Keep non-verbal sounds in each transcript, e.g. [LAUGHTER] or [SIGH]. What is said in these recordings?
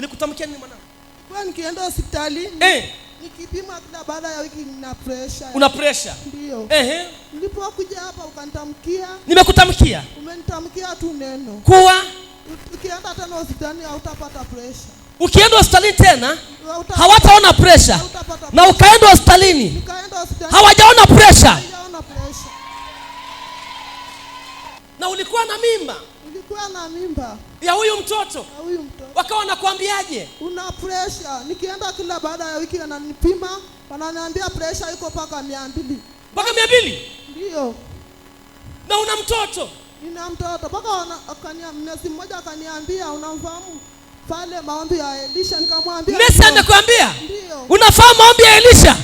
nilikutamkia nini mwanangu kwa nikienda hospitalini eh. nikipima kila baada ya wiki nina pressure una pressure ndio ehe nilipokuja hapa ukanitamkia nimekutamkia umenitamkia tu neno kuwa ukienda tena hospitalini hautapata pressure ukienda hospitalini tena hawataona pressure. na ukaenda hospitalini hawajaona pressure. na ulikuwa na mimba ulikuwa na mimba ya huyu mtoto, mtoto. Wakawa nakwambiaje? Una pressure. Nikienda kila baada ya wiki wananipima, wananiambia pressure iko mpaka mia mbili mpaka mia mbili Ndio. Na una mtoto? Nina mtoto mpaka mnesi mmoja akaniambia, unamfahamu pale maombi ya Elisha? Nikamwambia Mesi anakuambia unafahamu maombi ya Elisha?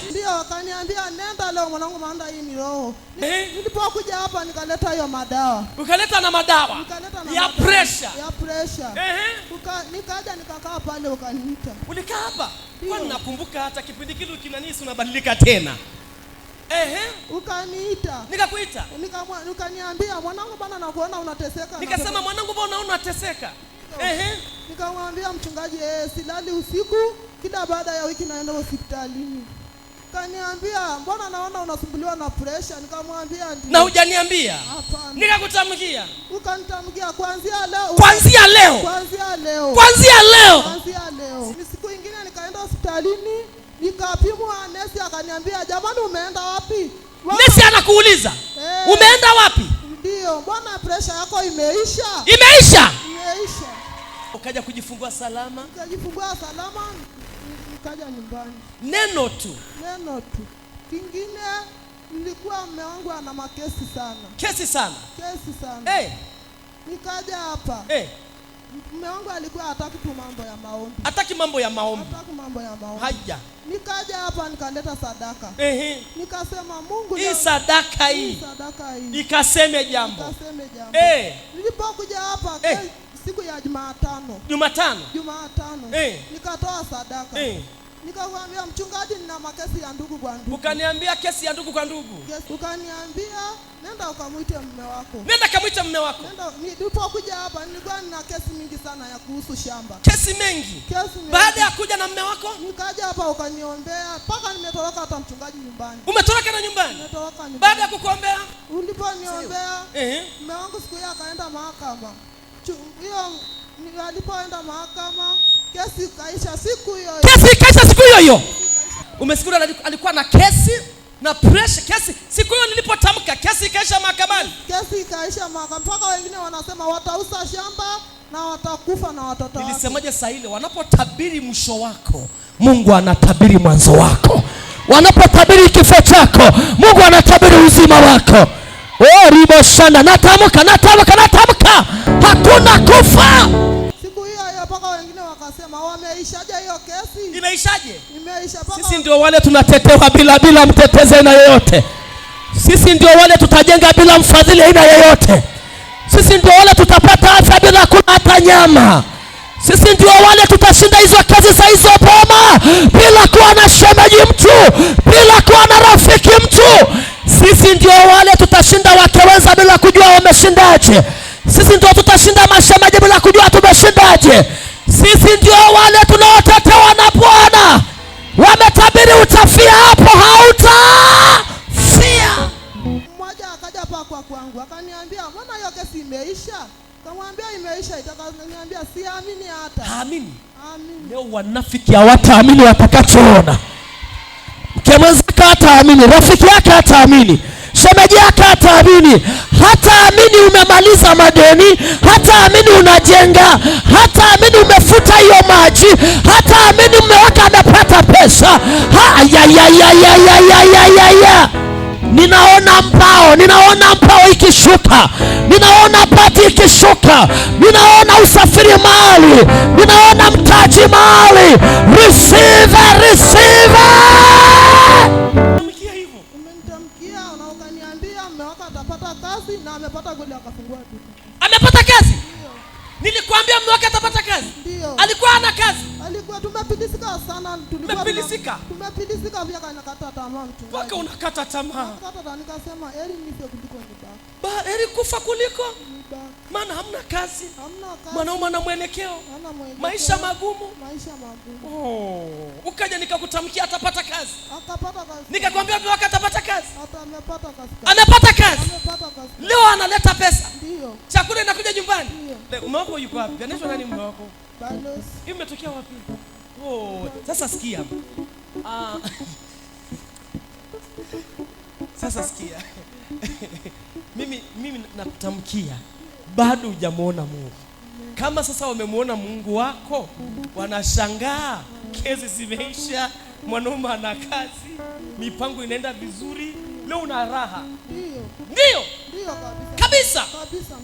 nenda leo mwanangu, maana hii ni roho. Eh? Nilipokuja hapa nikaleta hiyo madawa. Ukaleta na madawa. ya madawa. Ya pressure. Eh? nikaja nikakaa pale ukaniita. Ulikaa hapa? Kwa ninakumbuka hata kipindi kile kinanisi unabadilika tena. Ehe. Eh? Ukaniita. Nikakuita. Ukaniambia mwanangu bana nakuona unateseka. Nikasema mwanangu bana unaona unateseka. Nikamwambia mchungaji, eh, silali usiku, kila baada ya wiki naenda hospitalini. Kaniambia, mbona naona unasumbuliwa na presha Nikamwambia ndio. Na hujaniambia? Hapana. Nikakutamkia. Ukanitamkia kuanzia leo. Kuanzia leo. Kuanzia leo. Kuanzia leo. Kuanzia leo. Siku ingine nikaenda hospitalini, nikapimwa, nesi akaniambia, "Jamani umeenda wapi?" Nesi anakuuliza, hey, eh. "Umeenda wapi?" Ndio, mbona presha yako imeisha? Imeisha. Imeisha. Ukaja kujifungua salama? Kujifungua salama nikaja nyumbani. Neno tu, neno tu. Kingine nilikuwa mume wangu ana makesi sana, kesi sana, kesi sana. Hey. Eh. Nikaja hapa hey. Eh. Mume wangu alikuwa hataki tu mambo ya maombi, hataki mambo ya maombi, hataki mambo ya maombi. haja nikaja hapa nikaleta sadaka ehe, nikasema Mungu, hii sadaka hii, sadaka hii ikaseme jambo, ikaseme jambo eh, nilipokuja hapa eh siku ya Jumatano, Jumatano, Jumatano eh, nikatoa sadaka eh. Nikakwambia mchungaji, nina makesi ya ndugu kwa ndugu. Ukaniambia kesi ya ndugu kwa ndugu. Yes, ukaniambia nenda ukamwite mume wako. Nenda kamwite mume wako. Nenda kuja hapa nilikuwa nina kesi mingi sana ya kuhusu shamba. Kesi mengi. Kesi mingi. Baada ya kuja na mume wako? Nikaja hapa ukaniombea mpaka nimetoroka hata mchungaji nyumbani. Umetoroka na nyumbani? Nimetoroka nyumbani. Baada ya kukuombea? Uliponiombea. Eh. Mume wangu siku hiyo akaenda mahakama kesi ikaisha siku hiyo kesi hiyo umesikia alikuwa na kesi na pressure kesi siku hiyo nilipotamka kesi ikaisha mahakamani kesi ikaisha mahakamani mpaka wengine wanasema watausa shamba na watakufa na watoto nilisemaje saa ile wanapotabiri mwisho wako mungu anatabiri mwanzo wako wanapotabiri kifo chako mungu anatabiri uzima wako Oh, ribo sana, natamka natamka natamka, hakuna kufa siku hiyo hiyo. Mpaka wengine wakasema wameishaje hiyo kesi, imeishaje? Imeisha. Sisi ndio wale tunatetewa bila bila mtetezi aina yoyote. Sisi ndio wale tutajenga bila mfadhili aina yoyote. Sisi ndio wale tutapata afya bila kula hata nyama. Sisi ndio wale tutashinda hizo kazi za hizo boma bila kuwa na shemeji mtu, bila kuwa na rafiki mtu sisi ndio wale tutashinda Wakeweza bila kujua wameshindaje. Sisi ndio tutashinda mashemeji bila kujua tumeshindaje. Sisi ndio wale tunaotetewa na Bwana, wametabiri utafia, hapo hautafia. Mmoja akaja hapa kwangu akaniambia, mbona hiyo kesi imeisha? Kamwambia imeisha, itakaniambia siamini hata. Haamini. Amini. Leo wanafiki hawataamini watakachoona hataamini, rafiki yake hataamini, shemeji yake hataamini, hataamini umemaliza madeni, hataamini unajenga, hataamini umefuta hiyo maji, hataamini mume wake amepata pesa. Ninaona mbao, ninaona mbao ikishuka, ninaona bati ikishuka, ninaona usafiri mahali, ninaona mtaji mahali Amepata kazi? nilikwambia mume wake atapata kazi. Ndio. Alikuwa ana kazi. Alikuwa tumepilisika sana, tulikuwa tumepilisika. Tumepilisika pia kana kata tamaa mtu. Paka unakata tamaa. Kata tamaa nikasema heri nife kuliko nibaki. Ba, heri kufa kuliko. Mm maana hamna kazi, kazi. mwanaume ana mwelekeo, maisha magumu, maisha magumu. Oh, ukaja nikakutamkia atapata kazi, atapata kazi. nikakwambia pia wakati atapata kazi, atapata kazi. anapata kazi. Anapata kazi. Leo analeta pesa, ndio chakula inakuja nyumbani. Mume wako yuko wapi? Anaitwa nani mume wako? Hii umetokea wapi? Oh, sasa sikia ah. [LAUGHS] Sasa sikia [LAUGHS] mimi mimi nakutamkia bado hujamwona Mungu. Kama sasa wamemwona Mungu wako, wanashangaa, kesi zimeisha, mwanaume ana kazi, mipango inaenda vizuri, leo una raha. Ndio kabisa, kabisa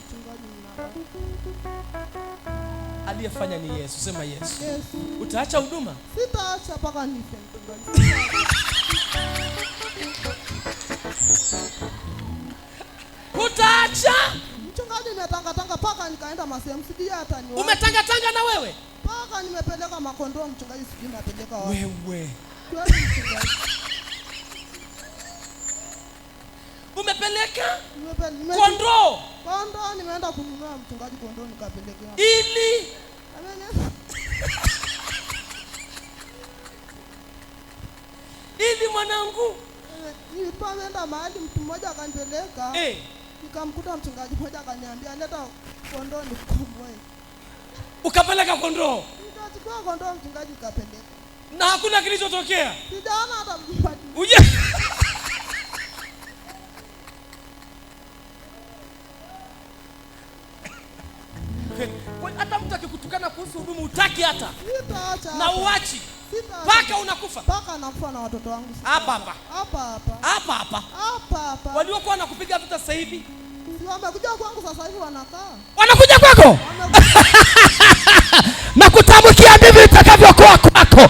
aliyefanya ni Yesu. Sema Yesu. Yesu. Utaacha huduma? Sitaacha mpaka nife. Utaacha? hadi nimetangatanga nikaenda masehemu, hata ni Umetangatanga na wewe nimepeleka makondoo mchungaji, sijui napeleka wapi wewe. umepeleka kondoo kondoo, nimeenda kununua mchungaji kondoo, nikapelekea ili ili mwanangu, eh, mahali mtu mmoja akanipeleka eh nikamkuta mchungaji mmoja akaniambia, leta kondoo nikukomboe. Ukapeleka kondoo? Nikachukua kondoo, mchungaji, kapeleka. na hakuna kilichotokea. Sijaona hata mjipati. uje hata mtu akikutukana kuhusu huduma utaki hata Sitaacha. na uachi Paka unakufa Paka anakufa na watoto wangu hapa hapa hapa hapa hapa hapa Hapa hapa. waliokuwa wanakupiga vita sasa hivi wamekuja kwangu sasa hivi wanakaa. Wanakuja kwako? [LAUGHS] Na kutamkia ndivyo itakavyokuwa kwako.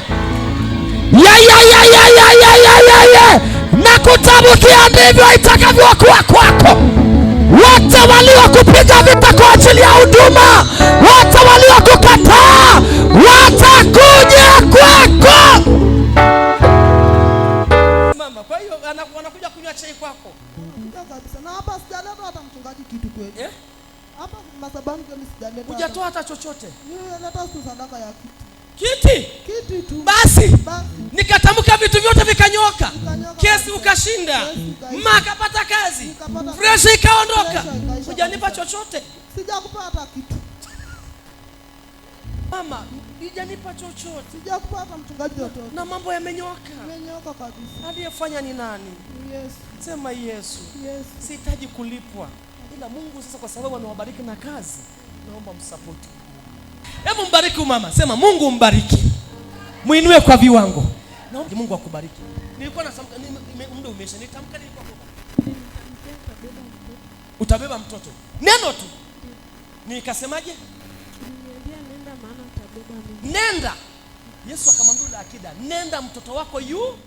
Ya ya ya ya ya ya ya ya. ya. Na kutamkia ndivyo itakavyokuwa kwako. Wote waliokupiga vita kwa ajili ya huduma hujatoa hata chochote kiti kiti tu. Basi, basi nikatamka vitu vyote vikanyoka, kesi ukashinda, mama akapata kazi, fresh ikaondoka. Hujanipa chochote, sijakupa hata kitu mama, hujanipa chochote, sijakupata mchungaji watoto, na mambo yamenyoka, yamenyoka kabisa. Aliyefanya ni nani? Yesu. Sema Yesu, Yesu. Sihitaji kulipwa, ila Mungu sasa, kwa sababu amewabariki na kazi naomba msapoti. Hebu mbariki mama, sema Mungu mbariki, muinue kwa viwango. Naomba Mungu akubariki. Nilikuwa na muda umeisha, nitamka nilikuwa kwa utabeba mtoto neno tu, nikasemaje? Nenda. Yesu akamwambia yule akida, nenda mtoto wako yu